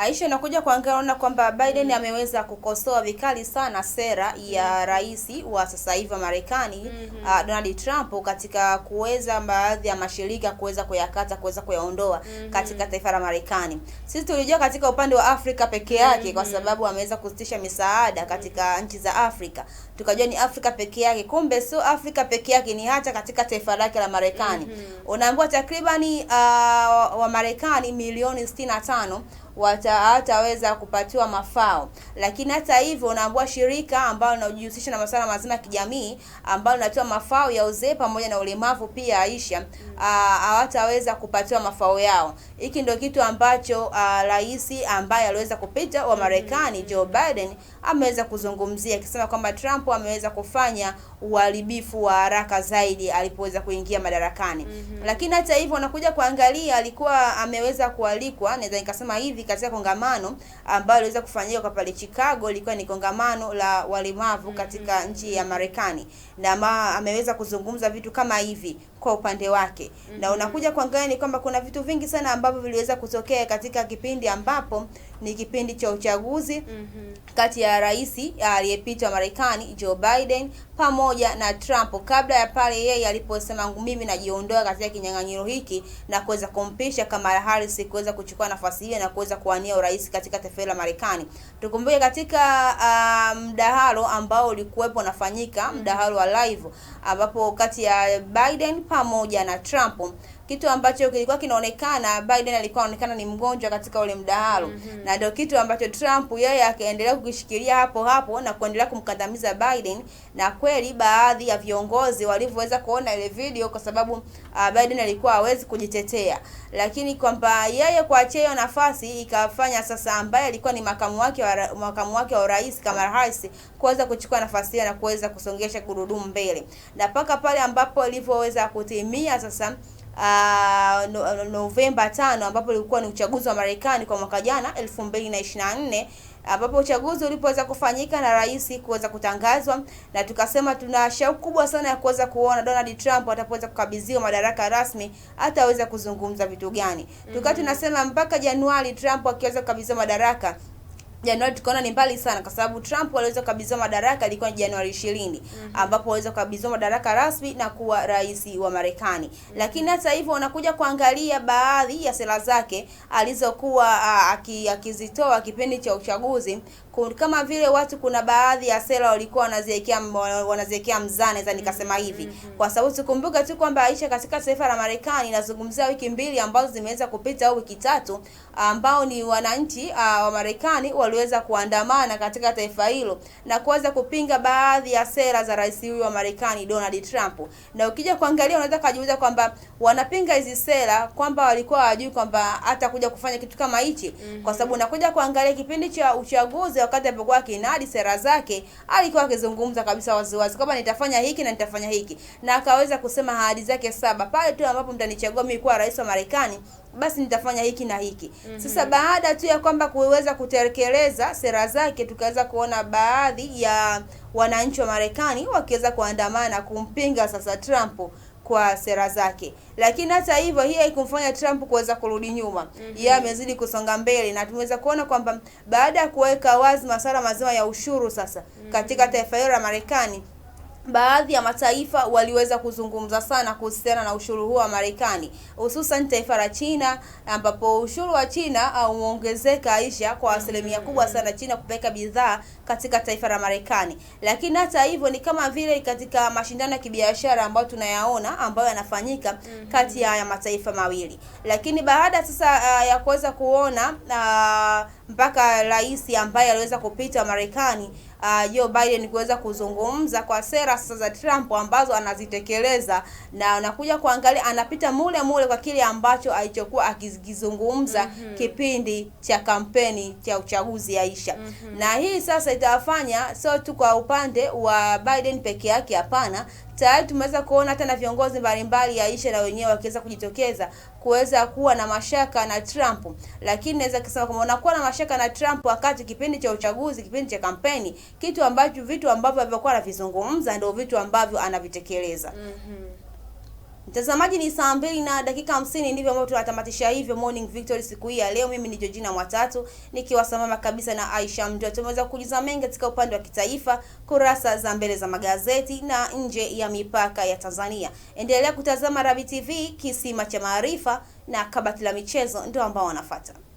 Aisha, nakuja kuangalia naona kwamba Biden mm. ameweza kukosoa vikali sana sera mm. ya rais wa sasa hivi wa Marekani mm -hmm. uh, Donald Trump katika kuweza baadhi ya mashirika kuweza kuyakata kuweza kuyaondoa mm -hmm. katika taifa la Marekani. Sisi tulijua katika upande wa Afrika peke yake mm -hmm. kwa mm-hmm. sababu ameweza kusitisha misaada katika mm-hmm. nchi za Afrika, tukajua ni Afrika peke yake, kumbe sio Afrika peke yake, ni hata katika taifa lake la Marekani mm -hmm. unaambiwa takribani uh, wa Marekani milioni 65 hawataweza kupatiwa mafao. Lakini hata hivyo, unaambua shirika ambalo linajihusisha na masuala mazima ya kijamii ambalo linatoa mafao ya uzee pamoja na ulemavu pia Aisha, mm. Ah, hawataweza mm. kupatiwa mafao yao. Hiki ndio kitu ambacho ah, rais ambaye aliweza kupita wa mm. Marekani mm. Joe Biden ameweza kuzungumzia akisema kwamba Trump ameweza kufanya uharibifu wa haraka zaidi alipoweza kuingia madarakani. Mm -hmm. Lakini hata hivyo, anakuja kuangalia alikuwa ameweza kualikwa, naweza nikasema hivi katika kongamano ambalo iliweza kufanyika kwa pale Chicago, ilikuwa ni kongamano la walemavu katika mm-hmm. nchi ya Marekani, na ma, ameweza kuzungumza vitu kama hivi kwa upande wake na mm-hmm. unakuja kuangalia ni kwamba kuna vitu vingi sana ambavyo viliweza kutokea katika kipindi ambapo ni kipindi cha uchaguzi mm -hmm. kati ya rais eh, aliyepita Marekani Joe Biden pamoja na Trump, kabla ya pale yeye aliposema mimi najiondoa katika kinyang'anyiro hiki na kuweza kumpisha Kamala Harris kuweza kuchukua nafasi hiyo na kuweza kuwania urais katika taifa la Marekani. Tukumbuke katika ah, mdahalo ambao ulikuwepo unafanyika mhm. mdahalo mm -hmm. wa live ambapo kati ya Biden pamoja na Trump kitu ambacho kilikuwa kinaonekana Biden alikuwa anaonekana ni mgonjwa katika ule mdahalo mm -hmm. na ndio kitu ambacho Trump yeye akaendelea kukishikilia hapo hapo na kuendelea kumkandamiza Biden, na kweli baadhi ya viongozi walivyoweza kuona ile video, kwa sababu uh, Biden alikuwa hawezi kujitetea, lakini kwamba yeye kuachia hiyo nafasi ikafanya sasa ambaye alikuwa ni makamu wake wa makamu wake wa rais Kamala Harris kuweza kuchukua nafasi hiyo na kuweza kusongesha gurudumu mbele, na paka pale ambapo ilivyoweza kutimia sasa uh, no, ah, Novemba tano ambapo ilikuwa ni uchaguzi wa Marekani kwa mwaka jana 2024 ambapo uchaguzi ulipoweza kufanyika na rais kuweza kutangazwa, na tukasema tuna shauku kubwa sana ya kuweza kuona Donald Trump atapoweza kukabidhiwa madaraka rasmi ataweza kuzungumza vitu gani. mm -hmm. Tukawa mm-hmm. tunasema mpaka Januari Trump akiweza kukabidhiwa madaraka Januari tukaona ni mbali sana, kwa sababu Trump aliweza kukabidhiwa madaraka ilikuwa ni Januari 20 mm -hmm. ambapo aliweza kukabidhiwa madaraka rasmi na kuwa rais wa Marekani mm -hmm. Lakini hata hivyo unakuja kuangalia baadhi ya sera zake alizokuwa akizitoa aki kipindi cha uchaguzi, kama vile watu, kuna baadhi ya sera walikuwa wanaziwekea wanaziwekea mzana, za nikasema mhm. hivi mm -hmm. kwa sababu tukumbuke tu kwamba Aisha, katika taifa la Marekani inazungumzia wiki mbili ambazo zimeweza kupita au wiki tatu, ambao ni wananchi uh, wa Marekani wa waliweza kuandamana katika taifa hilo na kuweza kupinga baadhi ya sera za rais huyu wa Marekani Donald Trump. Na ukija kuangalia, unaweza kujiuliza kwamba wanapinga hizi sera kwamba walikuwa hawajui kwamba hata kuja kufanya kitu kama hichi mm -hmm. Kwa sababu unakuja kuangalia kipindi cha uchaguzi, wakati alipokuwa akinadi sera zake, alikuwa akizungumza kabisa waziwazi kwamba nitafanya hiki na nitafanya hiki, na akaweza kusema ahadi zake saba pale tu ambapo mtanichagua mimi kuwa rais wa Marekani basi nitafanya hiki na hiki mm -hmm. Sasa baada tu ya kwamba kuweza kutekeleza sera zake, tukaweza kuona baadhi ya wananchi wa Marekani wakiweza kuandamana kumpinga sasa Trump kwa sera zake, lakini hata hivyo hii haikumfanya Trump kuweza kurudi nyuma. mm -hmm. Yeye amezidi kusonga mbele na tumeweza kuona kwamba baada ya kuweka wazi masuala mazima ya ushuru sasa mm -hmm. katika taifa hilo la Marekani baadhi ya mataifa waliweza kuzungumza sana kuhusiana na ushuru huo wa Marekani, hususan taifa la China, ambapo ushuru wa China uh, umeongezeka Aisha, kwa asilimia kubwa sana China kupeleka bidhaa katika taifa la Marekani. Lakini hata hivyo ni kama vile katika mashindano ya kibiashara ambayo tunayaona ambayo yanafanyika kati ya haya mataifa mawili, lakini baada sasa uh, ya kuweza kuona uh, mpaka rais ambaye aliweza kupita Marekani uh, Joe Biden kuweza kuzungumza kwa sera sasa za Trump ambazo anazitekeleza, na anakuja kuangalia, anapita mule mule kwa kile ambacho alichokuwa akizungumza mm -hmm. kipindi cha kampeni cha uchaguzi Aisha. mm -hmm. na hii sasa itawafanya sio tu kwa upande wa Biden peke yake, hapana tayari tumeweza kuona hata na viongozi mbalimbali Aisha na wenyewe wakiweza kujitokeza kuweza kuwa na mashaka na Trump, lakini naweza kusema kwamba unakuwa na mashaka na Trump wakati kipindi cha uchaguzi, kipindi cha kampeni, kitu ambacho vitu ambavyo alivyokuwa anavizungumza ndio vitu ambavyo anavitekeleza. mm -hmm. Mtazamaji, ni saa mbili na dakika hamsini ndivyo ambavyo tunatamatisha hivyo Morning Victory siku hii ya leo. Mimi ni Georgina Mwatatu nikiwa sambamba kabisa na Aisha Mdua. Tumeweza kujuza mengi katika upande wa kitaifa, kurasa za mbele za magazeti na nje ya mipaka ya Tanzania. Endelea kutazama Rabi TV, kisima cha maarifa, na kabati la michezo ndio ambao wanafuata.